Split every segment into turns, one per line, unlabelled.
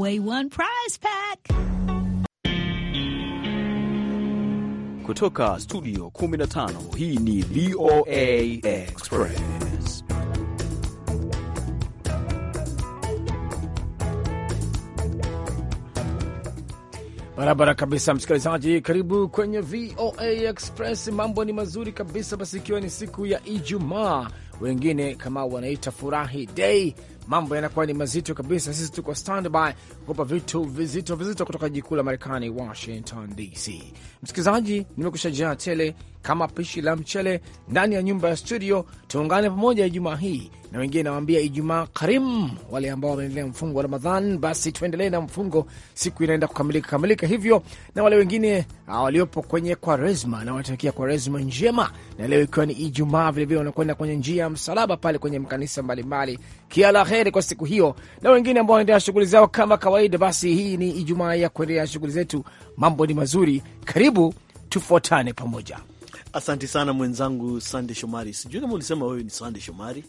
giveaway One prize pack.
Kutoka studio 15 hii ni VOA Express.
Barabara kabisa, msikilizaji, karibu kwenye VOA Express. Mambo ni mazuri kabisa. Basi ikiwa ni siku ya Ijumaa, wengine kama wanaita furahi day mambo yanakuwa ni mazito kabisa. Sisi tuko standby kukopa vitu vizito vizito kutoka jikuu la Marekani, Washington DC. Msikilizaji, nimekusha jaa tele kama pishi la mchele ndani ya nyumba ya studio. Tuungane pamoja Ijumaa hii na wengine nawaambia Ijumaa karim, wale ambao wameendelea mfungo wa Ramadhan, basi tuendelee na mfungo, siku inaenda kukamilika kamilika hivyo, na wale wengine ah, waliopo kwenye Kwaresma na wanatakia Kwaresma njema, na leo ikiwa ni Ijumaa vilevile wanakwenda kwenye njia ya msalaba pale kwenye makanisa mbalimbali, kila la heri kwa siku hiyo, na wengine ambao wanaendelea shughuli zao kama kawaida. Basi hii ni Ijumaa ya kuendelea shughuli zetu, mambo ni mazuri, karibu tufuatane pamoja.
Asanti sana mwenzangu Sande Shomari. Sijui kama ulisema wewe ni Sande Shomari.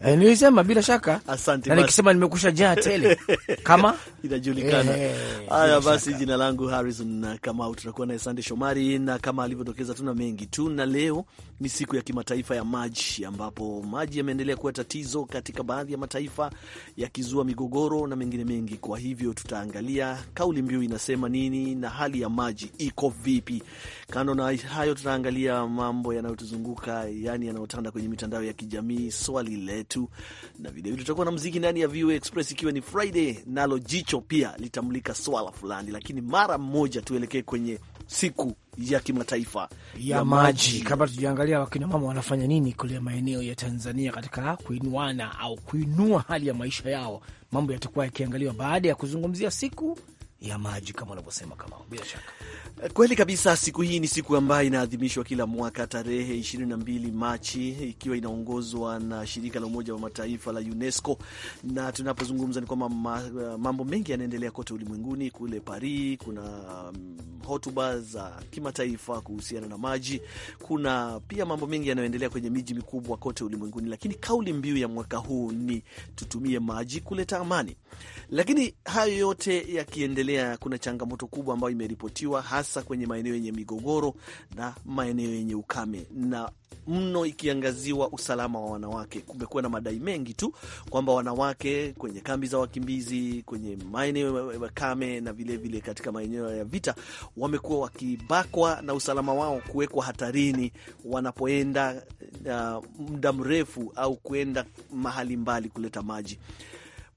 E, nilisema bila shaka.
Asante na nikisema nimekusha jaa tele kama inajulikana. Eh, Haya basi, jina langu Harrison kama tutakuwa naye Sande Shomari na kama alivyodokeza, tuna mengi tu, na leo ni siku ya kimataifa ya maji, ambapo maji yameendelea kuwa tatizo katika baadhi ya mataifa yakizua migogoro na mengine mengi. Kwa hivyo tutaangalia kauli mbiu inasema nini na hali ya maji iko vipi. Kando na hayo tutaangalia kuangalia mambo yanayotuzunguka yani yanayotanda kwenye mitandao ya kijamii, swali letu, na vilevile tutakuwa na mziki ndani ya VOA Express ikiwa ni Friday, nalo jicho pia litamulika swala fulani, lakini mara moja tuelekee kwenye siku ya kimataifa ya, ya maji.
Kabla tujaangalia wakinamama wanafanya nini kule maeneo ya Tanzania katika kuinuana au kuinua hali ya maisha yao, mambo yatakuwa yakiangaliwa baada ya kuzungumzia siku ya maji kama unavyosema, kama bila shaka
eh, kweli kabisa. Siku hii ni siku ambayo inaadhimishwa kila mwaka tarehe 22 Machi, ikiwa inaongozwa na shirika la Umoja wa Mataifa la UNESCO, na tunapozungumza ni kwamba eh, mambo mengi yanaendelea kote ulimwenguni. Kule Paris kuna um, hotuba za kimataifa kuhusiana na maji. Kuna pia mambo mengi yanayoendelea kwenye miji mikubwa kote ulimwenguni, lakini kauli mbiu ya mwaka huu ni tutumie maji kuleta amani. Lakini hayo yote yakiendelea Tanzania kuna changamoto kubwa ambayo imeripotiwa hasa kwenye maeneo yenye migogoro na maeneo yenye ukame na mno ikiangaziwa usalama wa wanawake. Kumekuwa na madai mengi tu kwamba wanawake kwenye kambi za wakimbizi, kwenye maeneo kame na vilevile vile katika maeneo ya vita, wamekuwa wakibakwa na usalama wao kuwekwa hatarini wanapoenda uh, muda mrefu au kuenda mahali mbali kuleta maji.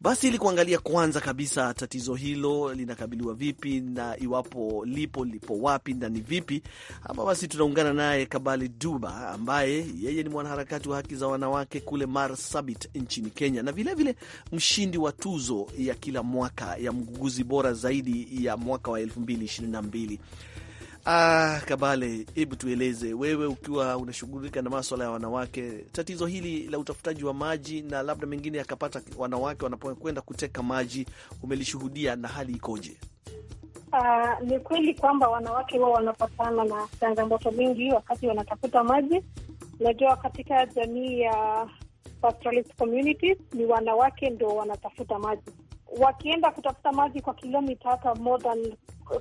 Basi ili kuangalia kwanza kabisa tatizo hilo linakabiliwa vipi na iwapo lipo lipo wapi na ni vipi, hapa basi tunaungana naye Kabali Duba ambaye yeye ni mwanaharakati wa haki za wanawake kule Marsabit nchini Kenya na vilevile vile mshindi wa tuzo ya kila mwaka ya mguguzi bora zaidi ya mwaka wa 2022. Ah, Kabale, hebu tueleze wewe, ukiwa unashughulika na maswala ya wanawake, tatizo hili la utafutaji wa maji na labda mengine yakapata wanawake wanapokwenda kuteka maji, umelishuhudia na hali ikoje?
Uh, ni kweli kwamba wanawake huwa wanapatana na changamoto mingi wakati wanatafuta maji. Najua katika jamii ya pastoralist communities ni wanawake ndo wanatafuta maji, wakienda kutafuta maji kwa kilomita hata more than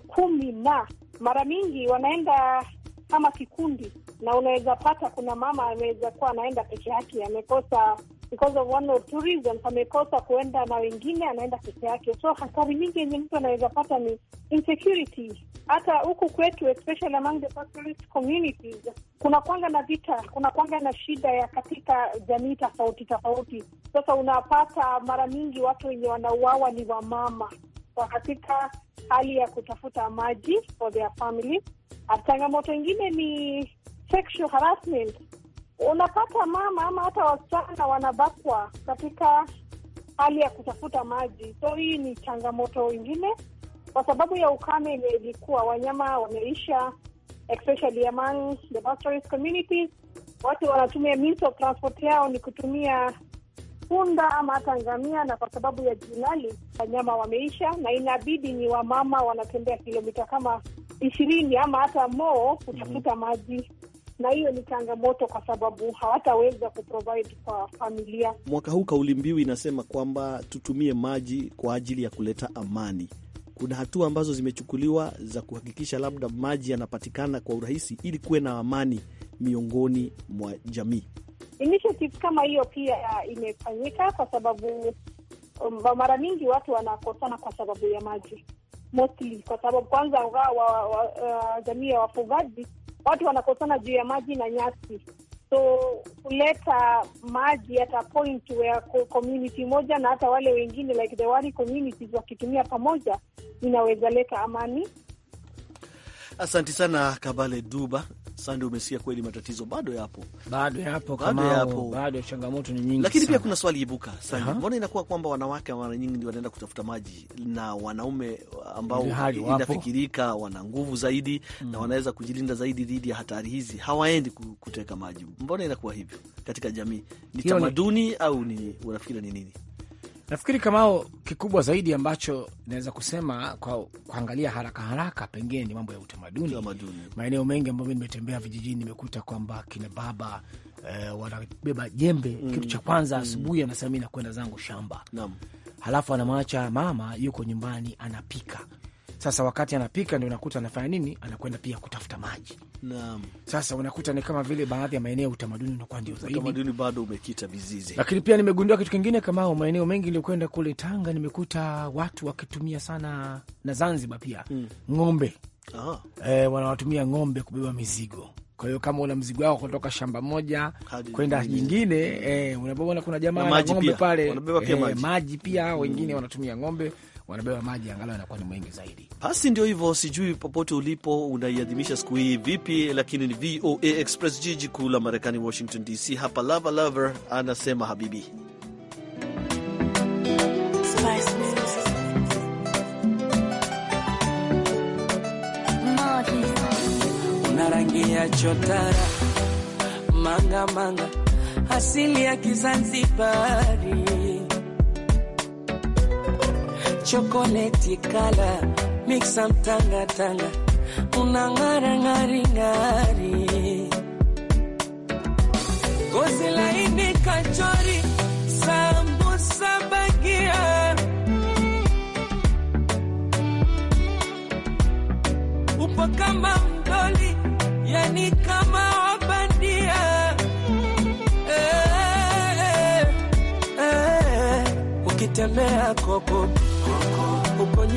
kumi na mara mingi wanaenda kama kikundi, na unaweza pata kuna mama ameweza kuwa anaenda peke yake, amekosa because of one or two reasons, amekosa kuenda na wengine, anaenda peke yake. So hatari nyingi yenye mtu anaweza pata ni insecurity. Hata huku kwetu especially among the pastoralist communities kuna kwanga na vita, kuna kwanga na shida ya katika jamii tofauti tofauti. Sasa unapata mara nyingi watu wenye wanauawa ni wamama kwa katika hali ya kutafuta maji for their family. Changamoto ingine ni sexual harassment. Unapata mama ama hata wasichana wanabakwa katika hali ya kutafuta maji, so hii ni changamoto ingine kwa sababu ya ukame yenye ilikuwa, wanyama wameisha, especially among the pastoralist communities. Watu wanatumia means of transport yao ni kutumia punda ama hata ngamia, na kwa sababu ya jinali wanyama wameisha, na inabidi ni wamama wanatembea kilomita kama ishirini ama hata moo kutafuta mm -hmm. maji na hiyo ni changamoto kwa sababu hawataweza kuprovide kwa familia.
Mwaka huu kauli mbiu inasema kwamba tutumie maji kwa ajili ya kuleta amani. Kuna hatua ambazo zimechukuliwa za kuhakikisha labda maji yanapatikana kwa urahisi ili kuwe na amani miongoni mwa jamii.
Initiative kama hiyo pia imefanyika kwa sababu um, mara mingi watu wanakosana kwa sababu ya maji mostly, kwa sababu kwanza wa, wa, wa, uh, jamii ya wafugaji watu wanakosana juu ya maji na nyasi, so kuleta maji at a point where community moja na hata wale wengine like the wari communities wakitumia pamoja inaweza leta amani.
Asanti sana Kabale Duba Sande, umesikia kweli, matatizo bado yapo, bado yapo, bado yapo, bado changamoto ni nyingi, lakini pia kuna swali ibuka Sande, mbona inakuwa kwamba wanawake mara nyingi ndio wanaenda kutafuta maji na wanaume ambao inafikirika wana nguvu zaidi mm, na wanaweza kujilinda zaidi dhidi ya hatari hizi hawaendi kuteka maji? Mbona inakuwa hivyo katika jamii? Ni tamaduni au ni unafikiri ni nini?
Nafikiri kamao kikubwa zaidi ambacho naweza kusema kwa kuangalia haraka haraka, pengine ni mambo ya utamaduni. Maeneo mengi ambayo nimetembea vijijini, nimekuta kwamba kina baba eh, wanabeba jembe mm. Kitu cha kwanza mm. asubuhi mm. Anasema mi nakwenda zangu shamba Nam. Halafu anamwacha mama yuko nyumbani anapika sasa wakati anapika, ndio unakuta anafanya nini, anakwenda pia kutafuta maji. Naam, sasa unakuta ni kama vile baadhi ya maeneo utamaduni unakuwa ndio zaidi, utamaduni
bado umekita vizizi. Lakini
pia nimegundua kitu kingine, kama maeneo mengi nilikwenda kule Tanga, nimekuta watu wakitumia sana na Zanzibar pia mm. ng'ombe ah. e, wanawatumia ng'ombe kubeba mizigo kwa hiyo kama una mzigo wako kutoka shamba moja kwenda nyingine, eh, e, unaona kuna jamaa na ng'ombe pale, wanabeba pia eh, maji. maji pia hmm. wengine wanatumia ng'ombe wanabeba maji,
angalau anakuwa ni mwingi zaidi. Basi ndio hivyo, sijui popote ulipo unaiadhimisha siku hii vipi, lakini ni VOA Express, jiji kuu la Marekani, Washington DC. Hapa Lava Lover anasema habibi
ya chotara manga manga asili ya Kizanzibari chokoleti kala mixa mtangatanga ng'ari ng'aring'ari gozi laini kachori sambusa bagia upo kama mdoli yani kama wabandia eh, eh, eh, eh. ukitembea koko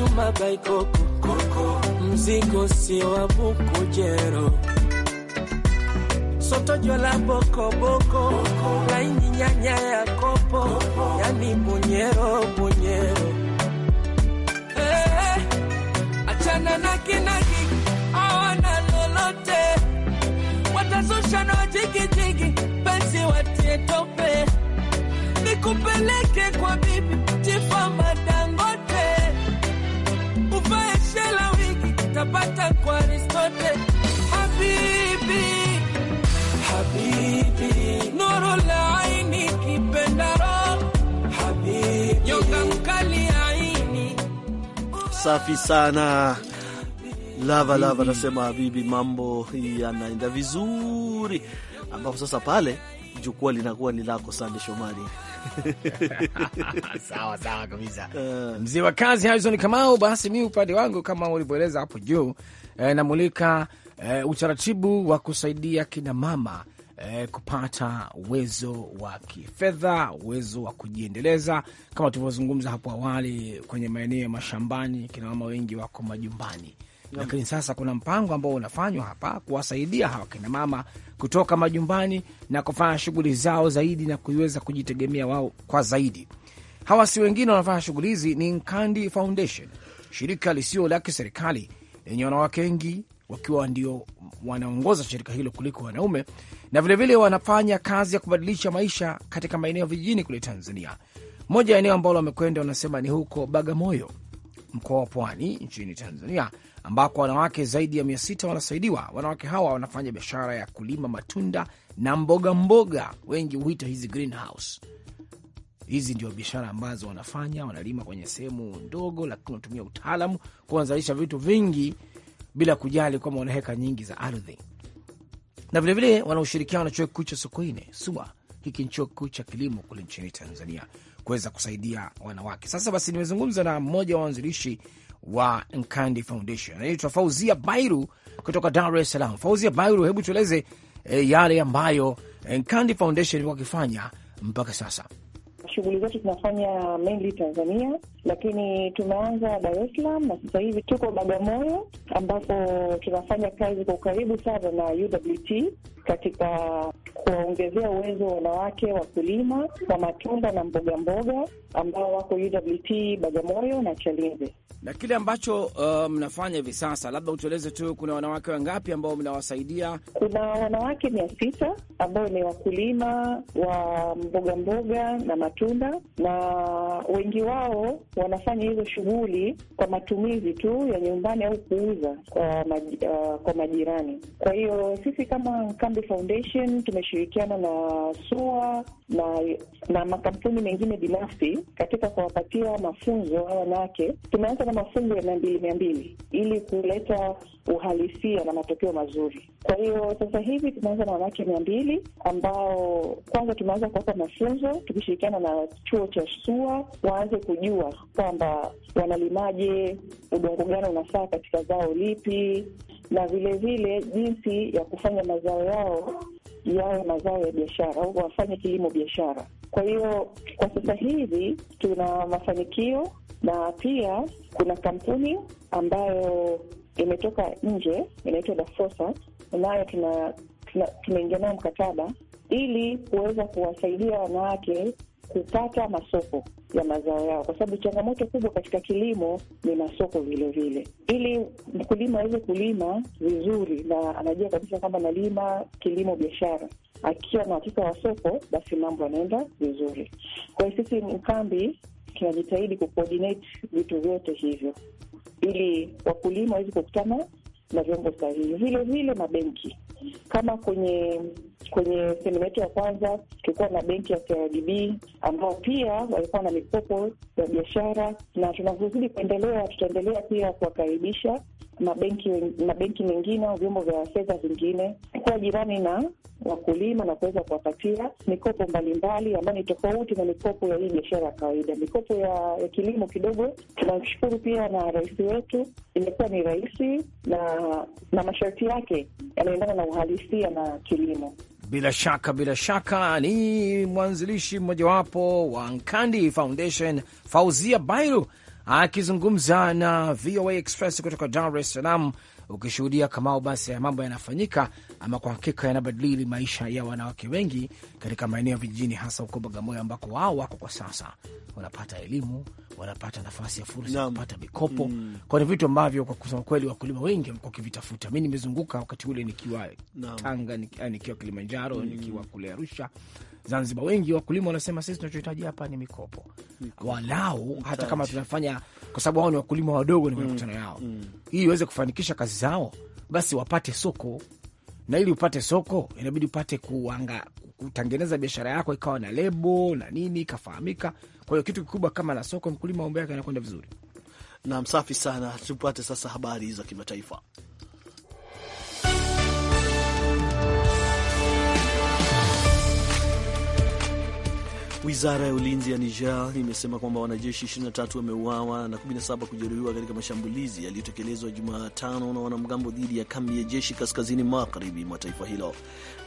nyuma baikoko mzigo si wa buku jero soto jola boko laini nyanya ya kopo yani munyero munyero hey, eh, achana na kinagi awana lolote watazushana wajigijigi penzi watie tope nikupeleke kwa bibi tifama kwa Aristote. Habibi, habibi, nuru habibi, nyoka mkali
aini. Safi sana. Lava lava nasema habibi, mambo yanaenda vizuri, ambapo sasa pale jukwaa linakuwa ni lako, Sande Shomari. sawa sawa kabisa,
uh, mzee wa kazi Harizon Kamau. Basi mi upande wangu kama ulivyoeleza hapo juu eh, namulika eh, utaratibu wa kusaidia kinamama eh, kupata uwezo wa kifedha, uwezo wa kujiendeleza. Kama tulivyozungumza hapo awali, kwenye maeneo ya mashambani kinamama wengi wako majumbani lakini sasa kuna mpango ambao unafanywa hapa kuwasaidia hawa kina mama kutoka majumbani na kufanya shughuli zao zaidi na kuiweza kujitegemea wao kwa zaidi. Hawa si wengine wanafanya shughuli hizi ni Nkandi Foundation, shirika lisio la kiserikali lenye wanawake wengi wakiwa ndio wanaongoza shirika hilo kuliko wanaume, na vilevile vile wanafanya kazi ya kubadilisha maisha katika maeneo vijijini kule Tanzania. Moja ya eneo ambalo wamekwenda wanasema ni huko Bagamoyo, mkoa wa Pwani nchini Tanzania, ambako wanawake zaidi ya mia sita wanasaidiwa. Wanawake hawa wanafanya biashara ya kulima matunda na mboga mboga, wengi huita hizi greenhouse. Hizi ndio biashara ambazo wanafanya, wanalima kwenye sehemu ndogo, lakini wanatumia utaalamu kuwa wanazalisha vitu vingi bila kujali kwamba wana heka nyingi za ardhi, na vilevile wana ushirikiano na chuo kikuu cha Sokoine SUA. Hiki ni chuo kikuu cha kilimo kule nchini Tanzania kuweza kusaidia wanawake. Sasa basi, nimezungumza na mmoja wa wanzilishi wa Nkandi Foundation. Anaitwa Fauzia Bairu kutoka Dar es Salaam. Fauzia Bairu, hebu tueleze e, yale ambayo eh, Nkandi Foundation ilikuwa akifanya mpaka sasa.
Shughuli zetu tunafanya mainly Tanzania lakini tumeanza Dar es Salaam na sasa hivi tuko Bagamoyo, ambapo tunafanya kazi kwa ukaribu sana na UWT katika kuwaongezea uwezo wa wanawake wakulima wa matunda na mboga mboga ambao wako UWT Bagamoyo na Chalinze.
Na kile ambacho uh, mnafanya um, hivi sasa, labda utueleze tu, kuna wanawake wangapi ambao mnawasaidia?
Kuna wanawake mia sita ambao ni wakulima wa mboga mboga na matunda, na wengi wao wanafanya hizo shughuli kwa matumizi tu ya nyumbani au kuuza kwa maj, uh, kwa majirani. Kwa hiyo sisi kama Kambi Foundation tumeshirikiana na SUA na na makampuni mengine binafsi katika kuwapatia mafunzo hawa wanawake. Tumeanza na mafunzo ya mia mbili mia mbili ili kuleta uhalisia na matokeo mazuri. Kwa hiyo sasa hivi tumeanza na wanawake mia mbili ambao kwanza tumeanza kuwapa mafunzo tukishirikiana na chuo cha SUA waanze kujua kwamba wanalimaje, udongo gani unafaa katika zao lipi, na vilevile jinsi ya kufanya mazao yao yawe mazao ya biashara au wafanye kilimo biashara. Kwa hiyo kwa sasa hivi tuna mafanikio na pia kuna kampuni ambayo imetoka nje, inaitwa fosa nayo tumeingia nayo mkataba ili kuweza kuwasaidia wanawake kupata masoko ya mazao yao, kwa sababu changamoto kubwa katika kilimo ni masoko vilevile. Ili mkulima aweze kulima vizuri na anajua kabisa kwamba analima kilimo biashara, akiwa na uhakika wa soko, basi mambo yanaenda vizuri. Kwa hiyo sisi Mkambi tunajitahidi kucoordinate vitu vyote hivyo ili wakulima waweze kukutana na vyombo sahihi. Vile vile mabenki, kama kwenye kwenye semina yetu ya kwanza tulikuwa na benki ya CRDB ambao pia walikuwa na mikopo ya biashara, na tunavyozidi kuendelea, tutaendelea pia kuwakaribisha mabenki mabenki mengine au vyombo vya fedha vingine kuwa jirani na wakulima na kuweza kuwapatia mikopo mbalimbali ambayo ni tofauti na mikopo ya hii biashara ya kawaida. Mikopo ya, ya kilimo kidogo, tunashukuru pia na rais wetu, imekuwa ni rahisi na na masharti yake yanaendana na uhalisia na kilimo.
Bila shaka bila shaka, ni mwanzilishi mmojawapo wa Nkandi Foundation, Fauzia Bairu akizungumza na VOA Express kutoka Dar es Salaam ukishuhudia kamao, basi ya mambo yanafanyika ama kwa hakika yanabadili maisha ya wanawake wengi katika maeneo ya vijijini, hasa huko Bagamoyo ambako wao wako kwa sasa, wanapata elimu, wanapata nafasi ya fursa ya kupata mikopo mm. Kwa ni vitu ambavyo kwa kusema kweli wakulima wengi wamekuwa wakivitafuta. Mi nimezunguka wakati ule nikiwa Naam. Tanga, eh, nikiwa Kilimanjaro mm. nikiwa kule Arusha Zanzibar, wengi wakulima wanasema sisi tunachohitaji hapa ni mikopo, walau hata kama tunafanya, kwa sababu hao ni wakulima wadogo, ni mm. makutano yao mm. ili iweze kufanikisha kazi zao, basi wapate soko, na ili upate soko inabidi upate kuanga, kutengeneza biashara yako ikawa na lebo na nini ikafahamika. Kwa hiyo kitu kikubwa kama na soko, mkulima mambo yake anakwenda vizuri. Naam, safi
sana. Tupate sasa habari za kimataifa. Wizara ya ulinzi ya Niger imesema kwamba wanajeshi 23 wameuawa na 17 kujeruhiwa katika mashambulizi yaliyotekelezwa Jumatano na wanamgambo dhidi ya kambi ya jeshi kaskazini magharibi mwa taifa hilo.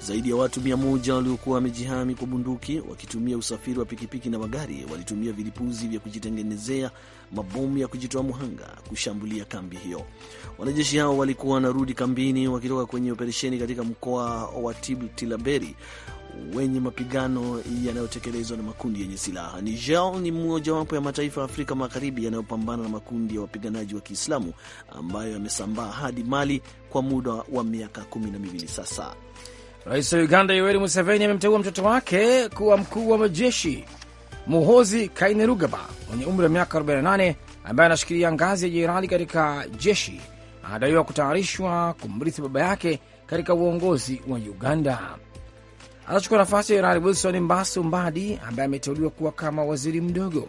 Zaidi ya watu 100 waliokuwa wamejihami kwa bunduki wakitumia usafiri wa pikipiki na magari walitumia vilipuzi vya kujitengenezea mabomu ya kujitoa muhanga kushambulia kambi hiyo. Wanajeshi hao walikuwa wanarudi kambini wakitoka kwenye operesheni katika mkoa wa Tilaberi wenye mapigano yanayotekelezwa na makundi yenye silaha. Niger ni mmojawapo ya mataifa ya Afrika Magharibi yanayopambana na makundi ya wapiganaji wa Kiislamu ambayo yamesambaa hadi Mali kwa muda wa miaka kumi na miwili sasa. Rais wa Uganda Yoweri Museveni amemteua mtoto wake kuwa mkuu wa majeshi
Muhozi Kainerugaba mwenye umri wa miaka 48 ambaye anashikilia ngazi ya jenerali katika jeshi anadaiwa kutayarishwa kumrithi baba yake katika uongozi wa Uganda anachukua nafasi ya Jenerali Wilson Mbasu Mbadi ambaye ameteuliwa kuwa kama waziri mdogo.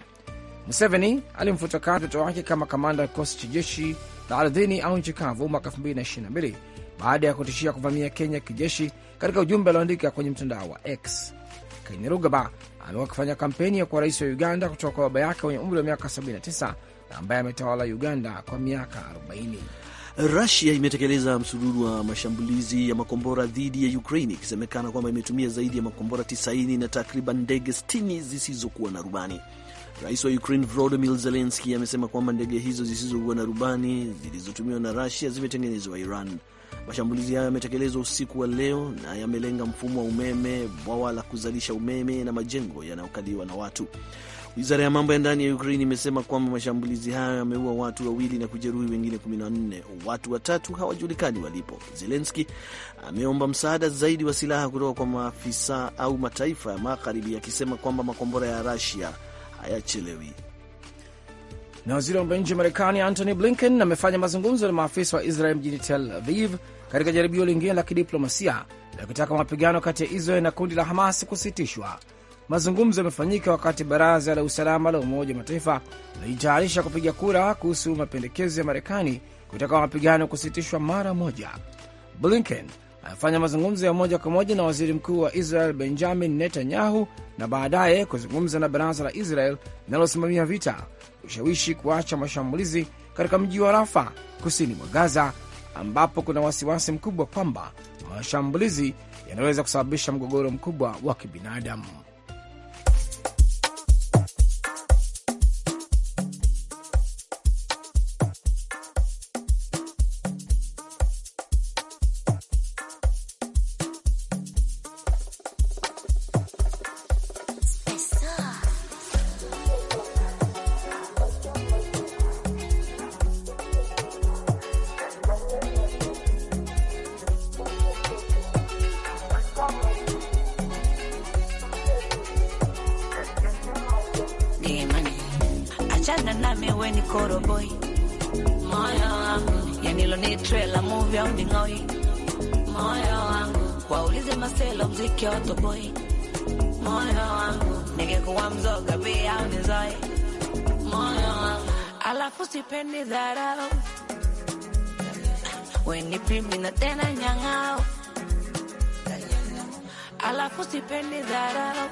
Museveni alimfuta kazi mtoto wake kama kamanda wa kikosi cha jeshi la ardhini au nchi kavu mwaka 2022 baada ya kutishia kuvamia Kenya kijeshi, katika ujumbe alioandika kwenye mtandao wa X. Kainerugaba amekuwa akifanya
kampeni ya kuwa
rais wa Uganda kutoka kwa baba yake mwenye umri wa miaka 79 na ambaye ametawala Uganda
kwa miaka 40. Rusia imetekeleza msururu wa mashambulizi ya makombora dhidi ya Ukraine ikisemekana kwamba imetumia zaidi ya makombora 90 na takriban ndege 60 zisizokuwa na rubani. Rais wa Ukraine Volodymyr Zelensky amesema kwamba ndege hizo zisizokuwa na rubani zilizotumiwa na Rusia zimetengenezwa Iran. Mashambulizi hayo yametekelezwa usiku wa leo na yamelenga mfumo wa umeme, bwawa la kuzalisha umeme na majengo yanayokaliwa na watu. Wizara ya mambo ya ndani ya Ukraine imesema kwamba mashambulizi hayo yameua watu wawili na kujeruhi wengine 14. Watu watatu hawajulikani walipo. Zelenski ameomba msaada zaidi wa silaha kutoka kwa maafisa au mataifa ya Magharibi, akisema kwamba makombora ya Rusia hayachelewi.
Na waziri wa mambo ya nje wa Marekani Antony Blinken amefanya mazungumzo na maafisa wa Israel mjini Tel Aviv katika jaribio lingine la kidiplomasia la kutaka mapigano kati ya Israel na kundi la Hamas kusitishwa Mazungumzo yamefanyika wakati baraza la usalama la Umoja wa Mataifa lilijitayarisha kupiga kura kuhusu mapendekezo ya Marekani kutaka mapigano kusitishwa mara moja. Blinken amefanya mazungumzo ya moja kwa moja na waziri mkuu wa Israel Benjamin Netanyahu na baadaye kuzungumza na baraza la Israel linalosimamia vita kushawishi kuacha mashambulizi katika mji wa Rafa kusini mwa Gaza, ambapo kuna wasiwasi mkubwa kwamba mashambulizi yanaweza kusababisha mgogoro mkubwa wa kibinadamu.
Achana nami we ni koroboi, moyo wangu yanilo ni trailer movie au ning'oi, moyo wangu waulize maselo mziki otoboi, moyo wangu ningekuwa mzoga bi au nizoi moyo wangu alafu sipendi dharau, we ni pimbi na tena nyang'ao, alafu sipendi dharau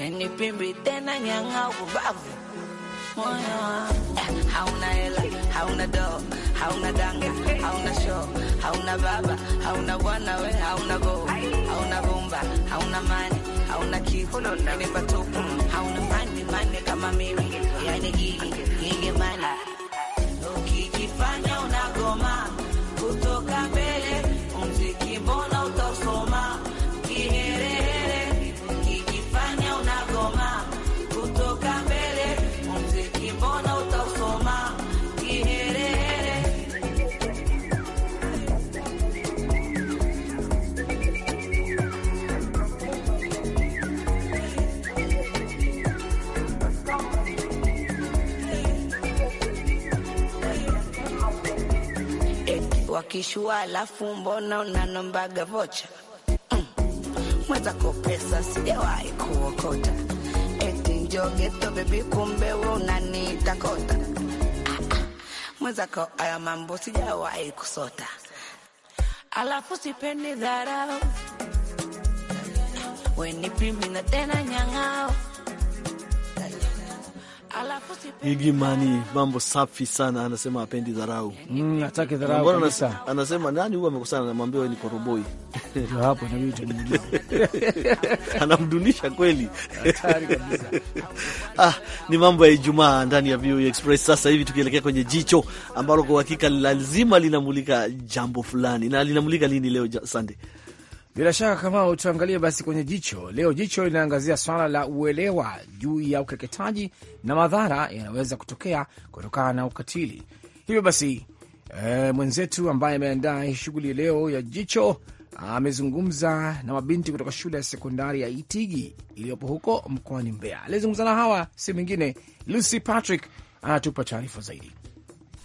yani pimbi tena nyang'au kubavu eh, hauna hela, hauna do, hauna danga, hauna show, hauna baba, hauna bwana, we hauna go, hauna bomba, hauna mani, hauna kitu, ni patupu, hauna mani mani kama mimi, yani gigi gigi kishua, alafu mbona unanombaga vocha mm. mwenzako pesa sijawahi kuokota, eti njogeto bebi, kumbe we unanitakota ah, ah. mwenzako aya mambo sijawahi kusota, alafu sipendi dharau weni na tena nyang'ao
Igimani, mambo safi sana. Anasema apendi dharau, mm, hataki dharau kabisa. Anasema nani huyu amekosana na mwambie ni koroboi hapo, na mimi tutamjua, anamdunisha kweli, hatari kabisa. Ah, ni mambo ya Ijumaa ndani ya VOA Express. Sasa hivi tukielekea kwenye jicho ambalo kwa hakika lazima linamulika jambo fulani, na linamulika lini leo Sunday?
Bila shaka kama tuangalie basi kwenye jicho leo, jicho linaangazia swala la uelewa juu ya ukeketaji na madhara yanaweza kutokea kutokana na ukatili. Hivyo basi e, mwenzetu ambaye ameandaa shughuli leo ya jicho amezungumza na mabinti kutoka shule ya sekondari ya Itigi iliyopo huko mkoani Mbeya. Aliyezungumza na hawa si mwingine Lucy Patrick, anatupa taarifa zaidi.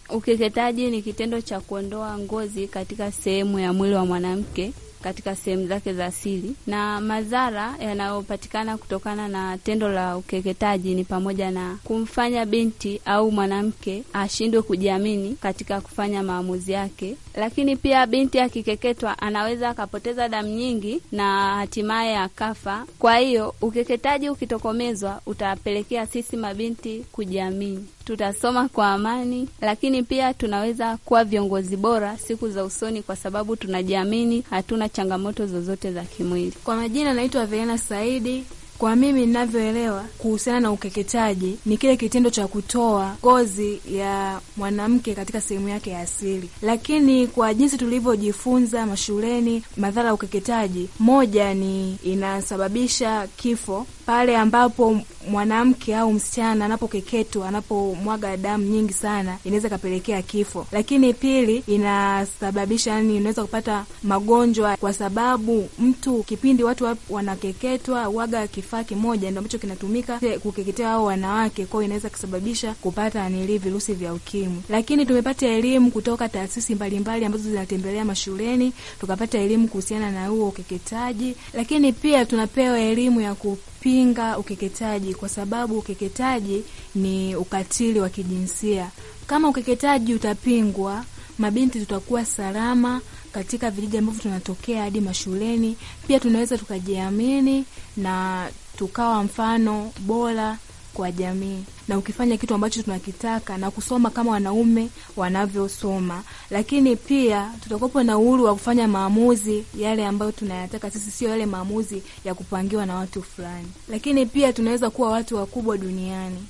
Ukeketaji ni kitendo cha kuondoa ngozi katika sehemu ya mwili wa mwanamke katika sehemu zake za asili. Na madhara yanayopatikana kutokana na tendo la ukeketaji ni pamoja na kumfanya binti au mwanamke ashindwe kujiamini katika kufanya maamuzi yake, lakini pia binti akikeketwa anaweza akapoteza damu nyingi na hatimaye akafa. Kwa hiyo ukeketaji ukitokomezwa utapelekea sisi mabinti kujiamini tutasoma kwa amani, lakini pia tunaweza kuwa viongozi bora siku za usoni, kwa sababu tunajiamini, hatuna changamoto zozote za kimwili. Kwa majina naitwa Verena Saidi. Kwa mimi ninavyoelewa kuhusiana na ukeketaji, ni kile kitendo cha kutoa ngozi ya mwanamke katika sehemu yake ya asili. Lakini kwa jinsi tulivyojifunza mashuleni, madhara ya ukeketaji, moja ni inasababisha kifo pale ambapo mwanamke au msichana anapokeketwa, anapomwaga damu nyingi sana, inaweza ikapelekea kifo. Lakini pili, inasababisha yani, unaweza kupata magonjwa kwa sababu mtu kipindi watu wanakeketwa waga kifaa kimoja ndio ambacho kinatumika kukeketea hao wanawake, kwao inaweza kusababisha kupata nili virusi vya ukimwi. Lakini tumepata elimu kutoka taasisi mbalimbali ambazo zinatembelea mashuleni, tukapata elimu kuhusiana na huo ukeketaji, lakini pia tunapewa elimu ya ku kupinga ukeketaji, kwa sababu ukeketaji ni ukatili wa kijinsia. Kama ukeketaji utapingwa, mabinti tutakuwa salama katika vijiji ambavyo tunatokea hadi mashuleni. Pia tunaweza tukajiamini na tukawa mfano bora kwa jamii, na ukifanya kitu ambacho tunakitaka na kusoma kama wanaume wanavyosoma, lakini pia tutakuwa na uhuru wa kufanya maamuzi yale ambayo tunayataka sisi, sio yale maamuzi ya kupangiwa na watu fulani. Lakini pia tunaweza kuwa watu wakubwa duniani.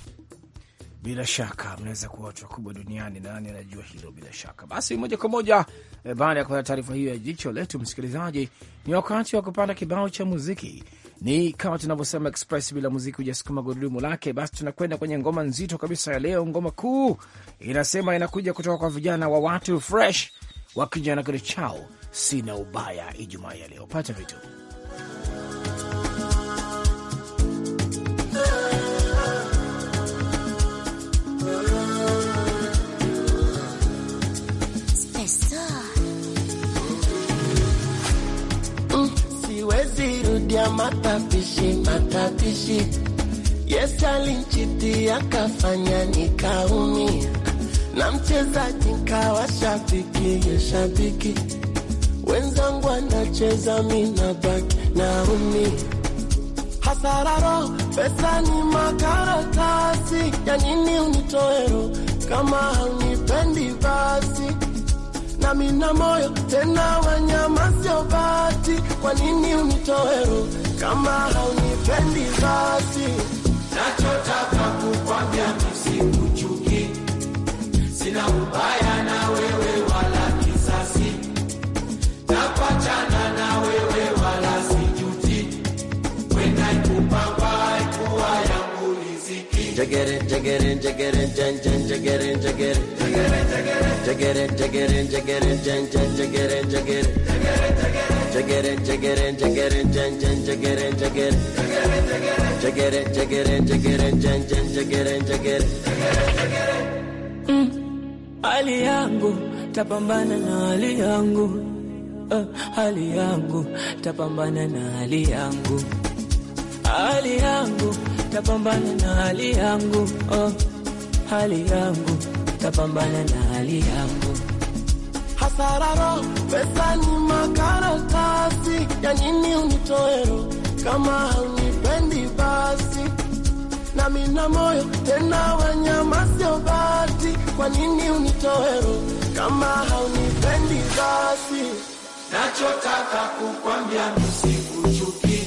Bila shaka mnaweza kuwa watu wakubwa duniani, nani anajua hilo? Bila shaka basi, moja kwa moja eh, baada ya kupata taarifa hiyo ya jicho letu, msikilizaji, ni wakati wa kupanda kibao cha muziki. Ni kama tunavyosema express, bila muziki hujasukuma gurudumu lake. Basi tunakwenda kwenye ngoma nzito kabisa ya leo. Ngoma kuu inasema inakuja kutoka kwa vijana wa watu fresh wakijana kijana kile chao, sina ubaya. Ijumaa ya leo pata vitu
ya matapishi matapishi. Yes, alinchiti akafanya nikaumia, na mchezaji nikawa shabiki ya shabiki, wenzangu anacheza mina baki naumia. Hasara pesa ni makaratasi ya nini unitoero kama haunipendi basi, na mina moyo tena wanyama sio basi kwa nini unitoe kama haunipendi? Basi nachotaka kukwambia nisikuchuki, sina ubaya na wewe wala kisasi, napachana na wewe wala sijuti, wenda ikupangwa haikuwa yangu riziki. Jegere jegere jegere jenjen jegere jegere jegere jegere jegere jegere jegere jegere jegere jegere jegere jegere
mm. uh, hali yangu tapambana na hali yangu hali yangu tapambana na hali yangu uh, hali yangu tapambana na hali yangu hali yangu tapambana na hali yangu
sararo, pesa ni makaratasi, ya nini unitoero kama unipendi basi? Na mina moyo tena wanyama sio bati, kwa nini unitoero kama haunipendi basi? Nachotaka kukwambia msikuchuki,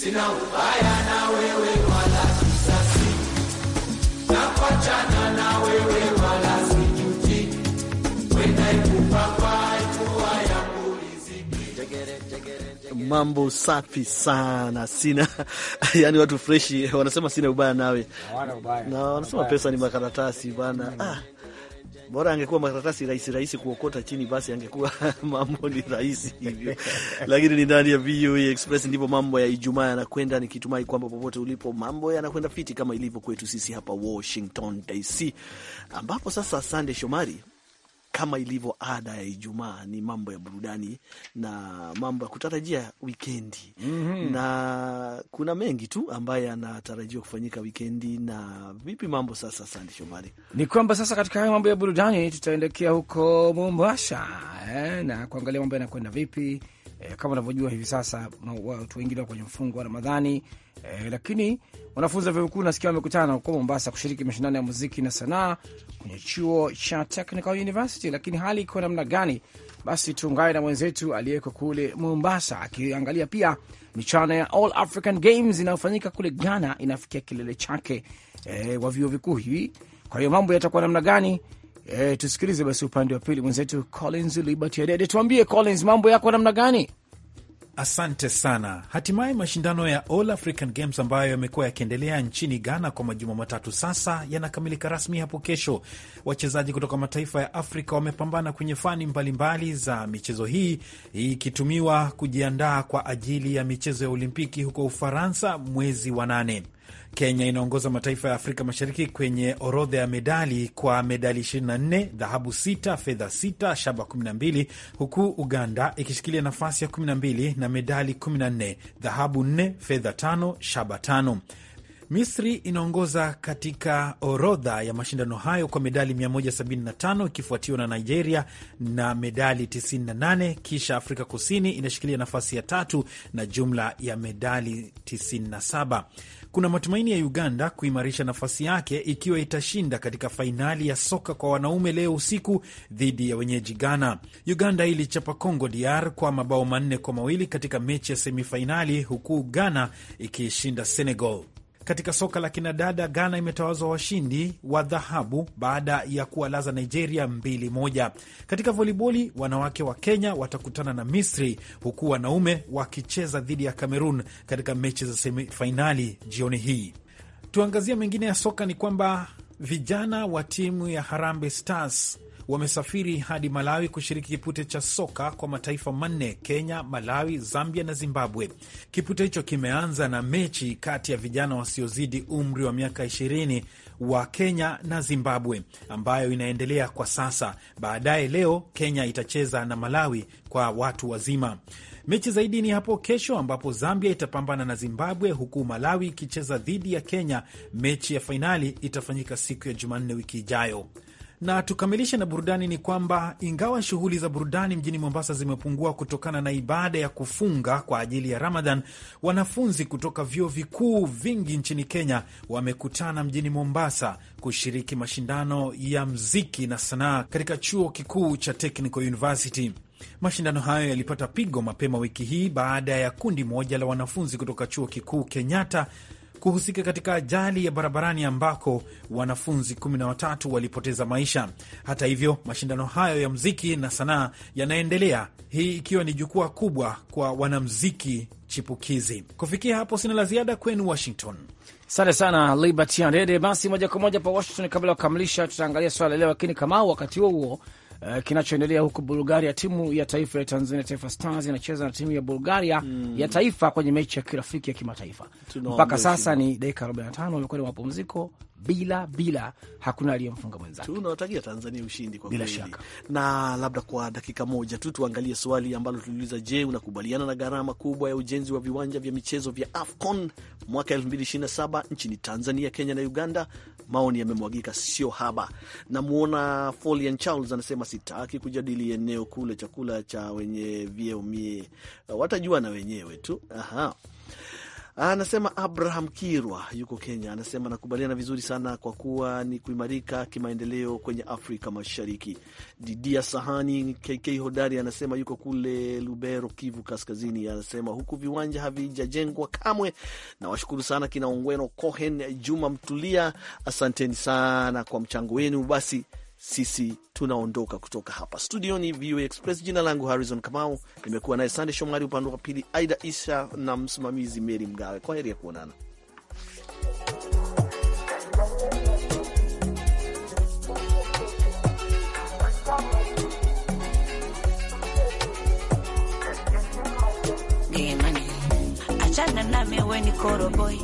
sina ubaya na wewe wala kisasi, nakwachana na wewe
Mambo safi sana, sina yani, watu freshi wanasema sina ubaya nawe na wanasema pesa ni makaratasi bana, mm. ah. Bora angekuwa makaratasi rahisi rahisi kuokota chini, basi angekuwa mambo ni rahisi hivyo. Lakini ni ndani ya VOA e Express ndipo mambo ya Ijumaa yanakwenda, nikitumai kwamba popote ulipo mambo yanakwenda fiti kama ilivyo kwetu sisi hapa Washington DC, ambapo sasa, Sande Shomari kama ilivyo ada ya Ijumaa ni mambo ya burudani na mambo ya kutarajia wikendi mm -hmm. na kuna mengi tu ambayo yanatarajiwa kufanyika wikendi. Na vipi mambo sasa, Sandi Shomari? Ni kwamba sasa katika hayo mambo ya burudani tutaelekea huko Mombasa eh, na kuangalia mambo
yanakwenda vipi e, kama unavyojua hivi sasa watu wengine wako kwenye mfungo wa Ramadhani e, lakini wanafunzi wa vyuo vikuu nasikia wamekutana huko Mombasa kushiriki mashindano ya muziki na sanaa kwenye chuo cha Technical University. Lakini hali iko namna gani? Basi tuungane na mwenzetu aliyeko kule Mombasa akiangalia pia michano ya All African Games inayofanyika kule Ghana inafikia kilele chake e, wa vyuo vikuu hivi. Kwa hiyo mambo yatakuwa namna gani? E, tusikilize basi upande wa pili mwenzetu Collins Liberty Adede. Tuambie Collins, mambo yako namna gani?
Asante sana. Hatimaye mashindano ya All African Games ambayo yamekuwa yakiendelea nchini Ghana kwa majuma matatu sasa yanakamilika rasmi hapo kesho. Wachezaji kutoka mataifa ya Afrika wamepambana kwenye fani mbalimbali mbali za michezo hii, ikitumiwa kujiandaa kwa ajili ya michezo ya Olimpiki huko Ufaransa mwezi wa nane. Kenya inaongoza mataifa ya Afrika Mashariki kwenye orodha ya medali kwa medali 24, dhahabu 6, fedha 6, shaba 12, huku Uganda ikishikilia nafasi ya 12 na medali 14, dhahabu 4, fedha 5, shaba 5. Misri inaongoza katika orodha ya mashindano hayo kwa medali 175 ikifuatiwa na Nigeria na medali 98, kisha Afrika Kusini inashikilia nafasi ya tatu na jumla ya medali 97 kuna matumaini ya Uganda kuimarisha nafasi yake ikiwa itashinda katika fainali ya soka kwa wanaume leo usiku dhidi ya wenyeji Ghana. Uganda ilichapa Congo DR kwa mabao manne kwa mawili katika mechi ya semifainali, huku Ghana ikiishinda Senegal. Katika soka la kinadada, Ghana imetawazwa washindi wa dhahabu baada ya kuwalaza Nigeria mbili moja. Katika voliboli, wanawake wa Kenya watakutana na Misri, huku wanaume wakicheza dhidi ya cameron katika mechi za semifainali jioni hii. Tuangazia mengine ya soka ni kwamba vijana wa timu ya Harambee Stars wamesafiri hadi Malawi kushiriki kipute cha soka kwa mataifa manne: Kenya, Malawi, Zambia na Zimbabwe. Kipute hicho kimeanza na mechi kati ya vijana wasiozidi umri wa miaka 20 wa Kenya na Zimbabwe ambayo inaendelea kwa sasa. Baadaye leo Kenya itacheza na Malawi kwa watu wazima. Mechi zaidi ni hapo kesho ambapo Zambia itapambana na Zimbabwe huku Malawi ikicheza dhidi ya Kenya. Mechi ya fainali itafanyika siku ya Jumanne wiki ijayo. Na tukamilishe na burudani, ni kwamba ingawa shughuli za burudani mjini Mombasa zimepungua kutokana na ibada ya kufunga kwa ajili ya Ramadhan, wanafunzi kutoka vyuo vikuu vingi nchini Kenya wamekutana mjini Mombasa kushiriki mashindano ya mziki na sanaa katika chuo kikuu cha Technical University. Mashindano hayo yalipata pigo mapema wiki hii baada ya kundi moja la wanafunzi kutoka chuo kikuu Kenyatta kuhusika katika ajali ya barabarani ambako wanafunzi 13 walipoteza maisha. Hata hivyo, mashindano hayo ya mziki na sanaa yanaendelea, hii ikiwa ni jukwaa kubwa kwa wanamziki chipukizi. Kufikia hapo, sina la ziada kwenu Washington. Asante sana Liberty Andede. Basi moja kwa moja pa Washington. Kabla ya kukamilisha, tutaangalia
swala leo, lakini kama wakati huo huo Eh, kinachoendelea huko Bulgaria. Timu ya taifa ya Tanzania, Taifa Stars, inacheza na timu ya Bulgaria mm. ya taifa kwenye mechi ya kirafiki ya kimataifa. Mpaka sasa ni dakika 45 wamekuwa na mapumziko bila bila, hakuna aliyemfunga mwenzake.
Tunawatakia Tanzania ushindi kwa bila shaka. Na labda kwa dakika moja tu tuangalie swali ambalo tuliuliza: Je, unakubaliana na gharama kubwa ya ujenzi wa viwanja vya michezo vya AFCON mwaka 2027 nchini Tanzania, Kenya na Uganda? Maoni yamemwagika sio haba. Namwona Folian Charles anasema sitaki kujadili eneo kule, chakula cha wenye vyeo mie watajua na wenyewe tu. Aha. Anasema Abraham Kirwa yuko Kenya, anasema nakubaliana vizuri sana kwa kuwa ni kuimarika kimaendeleo kwenye Afrika Mashariki. Didia Sahani KK Hodari anasema yuko kule Lubero, Kivu Kaskazini, anasema huku viwanja havijajengwa kamwe. Nawashukuru sana kina Ongweno Cohen, Juma Mtulia, asanteni sana kwa mchango wenu. Basi sisi tunaondoka kutoka hapa studioni VOA Express. Jina langu Harrison Kamau, nimekuwa naye Sande Shomari upande wa pili, Aida Isha na msimamizi Meri Mgawe. Kwa heri ya kuonana.
Achana nami we ni koroboi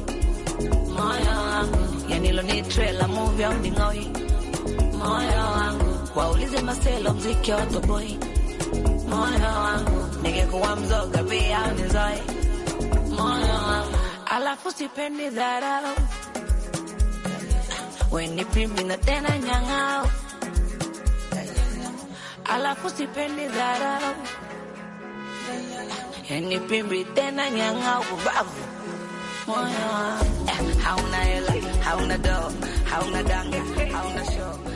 moyo wangu ni trela au ni ng'oi moyo wangu, waulize maselo mziki wa toboi, moyo wangu, ningekuwa mzoga pia nizoe, moyo wangu, alafu sipendi dharau, weni pimbi na tena nyang'ao, alafu sipendi dharau, weni pimbi tena nyang'ao, moyo wangu, eh, Hauna hela, hauna do, hauna danga, hauna show.